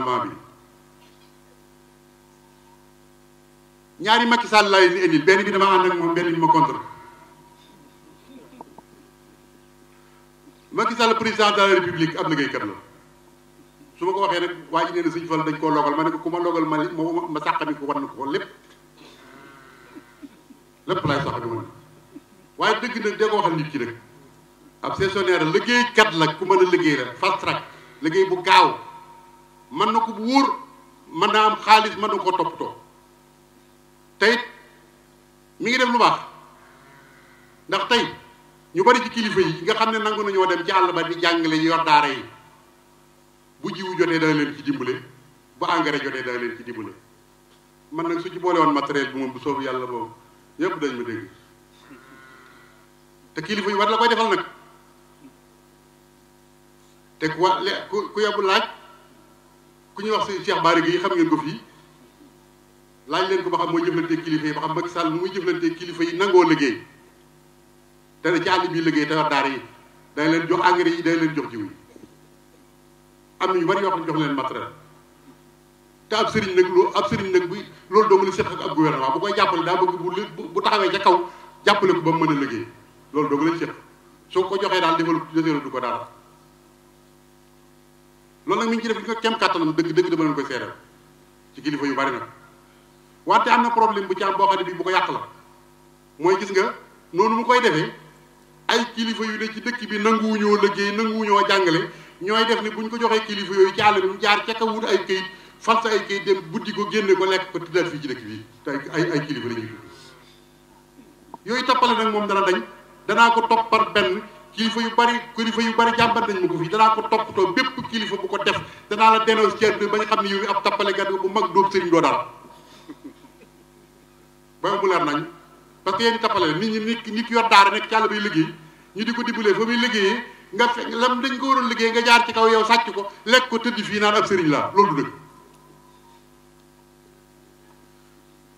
gouvernement bi ñaari Macky Sall laa leen benn bi dama ànd ak moom benn bi ma contre Macky Sall président de la république ab liggéeykat la su ma ko waxee nag waa ji na sëñ dañ koo logal ma ne ko ku ma logal ma ma ma sàqami ko wan ko lépp lépp laay sàqami man waaye dëgg nag dee ko waxal nit ki nag ab saisonnière liggéeykat la ku mën a liggéey la fast track liggéey bu kaaw mën na ko bu wóor mën na am xaalis man na ko toppatoo tey mu ngi def lu baax ndax tey ñu bari ci kilifa yi nga xam ne nangu nañoo dem ci àll ba di jàngale yor daara yi bu jiwu jotee dana leen ci dimbale bu engrais jotee dana leen ci dimbale man nag su ci boole matériel bi moom bu soobu yàlla boobu ñëpp dañ ma dégg te kilifa yi war la koy defal nag te ku wa ku ku yóbbu laaj. ku ñuy wax si Cheikh Bara Gueye xam ngeen ko fii laaj leen ko ba xam mooy jëflante kilifa yi ba xam Macky Sall muy jëflante kilifa yi nangoo liggéey te ci àll bii liggéey te wax daara yi day leen jox engrais yi day leen jox jiw yi am na ñu bari yoo xam ne jox leen matériel te ab sëriñ nag lu ab sëriñ nag bi loolu dong li seq ak ab gouvernement bu koy jàppale daa bëgg bu bu taxawee ca kaw jàppale ko ba mu mën a liggéey loolu dong lañ soo ko joxee daal defal deseeru du ko dara loolu nag mi ngi ci def li ko kem kàttanam dëgg dëgg dama leen koy seeral ci kilifa yu bari nag wante am na problème bu ci am boo xam ne bii bu ko yàq la mooy gis nga noonu mu koy defee ay kilifa yu de ci dëkk bi nanguwuñoo liggéey nanguwuñoo jàngale ñooy def ni bu ñu ko joxee kilifa yooyu ci àll bi mu jaar ca kaw wut ay këyit fal sa ay këyit dem buddi ko génne ko lekk ko tëddal fii ci dëkk bi te ay ay kilifa la ñuy yooyu tappale nag moom dana dañ danaa ko topp par benn kilifa yu bari kilifa yu bari jàmbat nañ ma ko fi danaa ko toppatoo bépp kilifa bu ko def danaa la denoo ci àdduna ba nga xam ne yow ab tappalekat bu mag dóob sëriñ doo daal ba mu leer nañ parce que yéen tappale nit ñi nit nit yor daara nekk ci àll bay liggéey ñu di ko dimbalee fa muy liggéeyee nga fe dañ ko waroon liggéey nga jaar ci kaw yow sàcc ko lekk ko tëdd fii naan ab sëriñ la loolu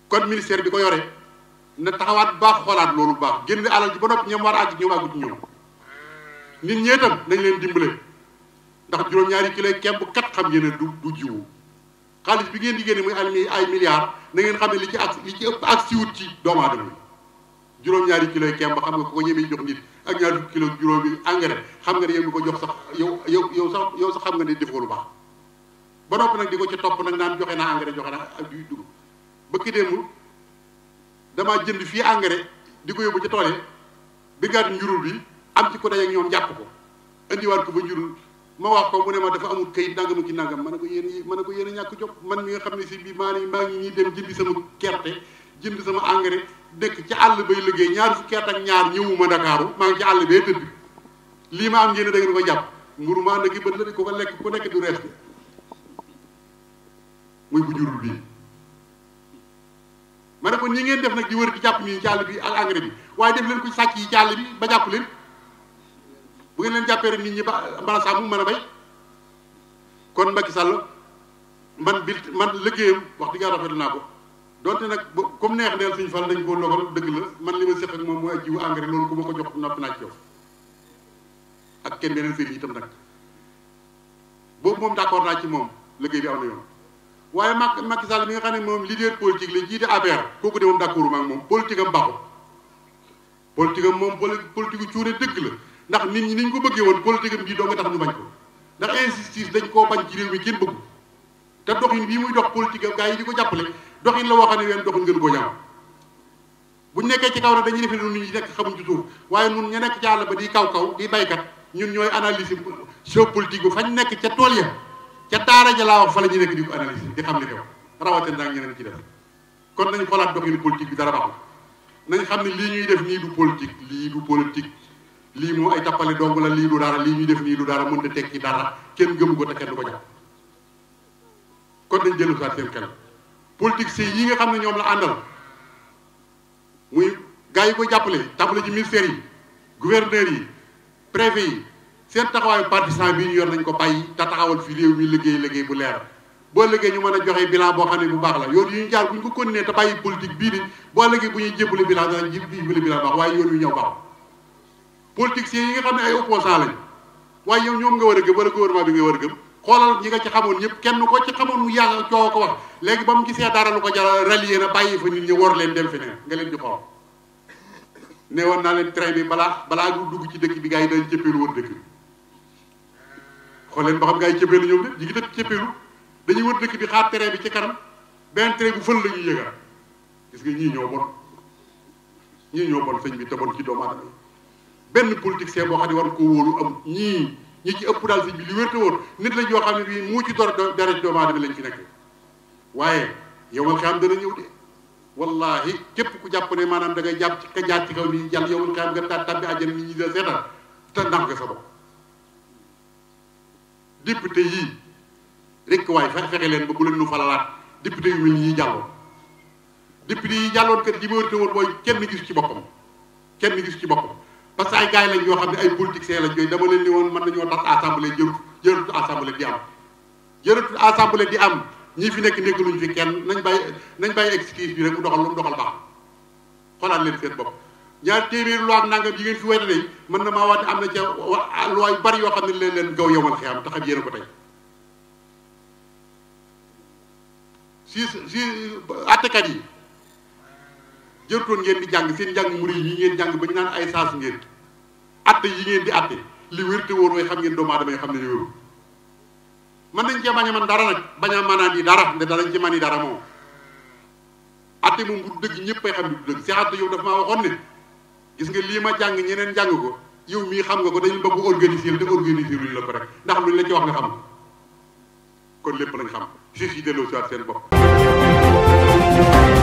kon ministère bi ko yore na taxawaat baax xoolaat loolu baax génn alal ji ba noppi ñoom war a àgg ñoom àggu ci nit ñee tam nañ leen dimbale ndax juróom-ñaari kilo kemb kat xam ngeen du du jiwu xaalis bi ngeen di génne muy ay ay milliards ngeen xam ne li ci ak li ci ëpp ak siwut ci doomu aadama yi juróom-ñaari kilo kemb xam nga ku ko ñemee jox nit ak ñaari kilo juróomi engrais xam nga ne yow mi sax yow yow yow sax yow sax xam nga ne defoo lu ba ba noppi nag di ko ci topp nag naan joxe naa engrais joxe naa ak yu dugub bëkk démb damaa jënd fii engrais di ko yóbbu ci tool yi bi njurul bi. am ci ko dajeeg ñoom jàpp ko indiwaat ko ba njurul ma wax ko mu ne ma dafa amul kayit nangam ki nangam ma ne ko yéen man ne ko yéen ñàkk jom man mi nga xam ne si bi maa ni maa ngi ñuy dem jëndi sama gerte jënd sama engrais dëkk ci àll bay liggéey ñaar fukki ñaar ñëwuma Ndakaaru maa ngi ci àll bee tëdd lii ma am ngeen da ngeen ko jàpp mburu maa nag bët ko ko nekk du rees bi muy ma ne ko ñi ngeen def nag di wër di jàpp nii ci àll bi ak engrais bi waaye def leen ko sàcc yi ci àll bi ba jàpp leen bu ngeen leen jàppee rek nit ñi ba mbala mu mën a bay kon Macky Sall man bi man liggéeyam wax dëgg yàlla rafetlu naa ko donte nag ba comme neex neel suñu fan dañ koo logal dëgg la man li ma moom mooy jiwu engrais loolu ku ma ko jox nopp naa ci yow ak kenn beneen sëriñ itam boobu moom d'accord naa ci moom liggéey bi am na yoon waaye Macky Macky Sall mi nga xam ne moom leader politique la jiite APR kooku de moom d'accord ma ak moom politique am baaxul politique am moom politique cuune dëgg la. ndax nit ñi niñ ko bëggee woon politique am bii doo nga tax ñu bañ ko ndax injustice dañ koo bañ ci réew mi kenn bëggu te doxin bii muy dox politique am gars yi di ko jàppale doxin la woo xam ne ween doxin gën koo ñaaw buñ nekkee ci kaw na dañuy defe ne nit ñi nekk xamuñ ci suuf waaye nun ñu nekk ci àll ba di kaw kaw di baykat ñun ñooy analyse géopolitique bi fañ nekk ca tool ya ca taara ja laa wax fa la nekk di ko analyse di xam ne xew rawatina daal ñeneen ci def kon nañ xoolaat doxin politique bi dara baaxul nañ xam ne lii ñuy def nii du politique lii du politique lii moo ay tappale dong la lii du dara lii ñuy def nii du dara mën a tekki dara kenn gëmu ko te kenn du ko jàpp kon dañ jëlu saat seen xel politiciens yi nga xam ne ñoom la àndal muy gars ko jàppale tàmbale ci ministères yi gouverneurs yi préfet yi seen taxawaayu partisan bi ñu yor nañ ko bàyyi te taxawal fi réew mi liggéey liggéey bu leer boo liggéey ñu mën a joxe bilan boo xam ne bu baax la yoon yu ñu jaar bu ñu ko continuer te bàyyi politique bii di boo liggéey bu ñuy jébbale bilan danañ jébbale bilan baax waaye yoon politiciens yi nga xam ne ay opposants lañ waaye yow ñoom nga war a gëm wala gouvernement bi nga war a gëm xoolal ñi nga ci xamoon ñëpp kenn ko ci xamoon mu yàgg coow ko wax léegi ba mu gisee dara lu ko jaral rallier na bàyyi fa nit ñi war leen dem feneen nga leen di xool naa leen train bi balaa balaa ñu dugg ci dëkk bi gars yi dañ cëppeelu wër dëkk bi xool leen ba xam gars yi cëppeelu ñoom de ñi ngi dëkk cëppeelu dañuy wër dëkk bi xaar train bi ci kanam benn train bu fël la ñuy yëgal gis nga ñii ñoo bon ñii ñoo bon sëñ bi te bon ci doomu aadama benn politicien boo xam ne war ko wóolu am ñii ñi ci ëpp daal sëñ bi li wér te wóor nit la yoo xam ne bii mu ci dor dara doomu aadama lañ fi nekk waaye yowal xaam dana ñëw de wallahi képp ku jàpp ne maanaam da ngay jàpp ci ka jaar ci kaw ni jàll yowal xaam nga taa tàbbi àjjana nit ñi da seetal te nax nga sa bopp député yii rek waaye fexe leen ba bu leen nu falalaat député yu mel ñii jàlloon député yi jàlloon kat li ma wér te wóor mooy kenn gis ci boppam kenn gis ci boppam parce que ay gars lañ yoo xam ne ay politiciens lañ yooyu dama leen ni woon mën nañoo tas assemblée jë jërëtul assemblée di am jërëtul assemblée di am ñii fi nekk nekkaluñ fi kenn nañ bàyyi nañ bàyyi excuse bi rek mu doxal lu mu doxal baax xoolaat leen seen bopp ñaar fi wéte day mën na maa wax am na ca loi yu bari yoo xam ne leen leen gaw yomal xe am taxam yéen ko tey si si attekat yi jërtoon ngeen di jàng seen njàng muri yi ngeen jàng ba ñu naan ay saas ngeen atte yi ngeen di atte li wér te wóor xam ngeen doomu aadama yi xam ne wéru mën nañ cee bañ a man dara nag bañ a maanaam yi dara nde danañ ci man yi dara moom atte moom bu dëgg ñëpp ay xam ne du dëgg si atte yow dafa maa waxoon ne gis nga lii ma jàng ñeneen jàng ko yow mii xam nga ko dañu bëgg organiser te organiser luñu la ko rek ndax luñ la ci wax nga xam kon lépp lañ xam juge yi delloo si waat seen bopp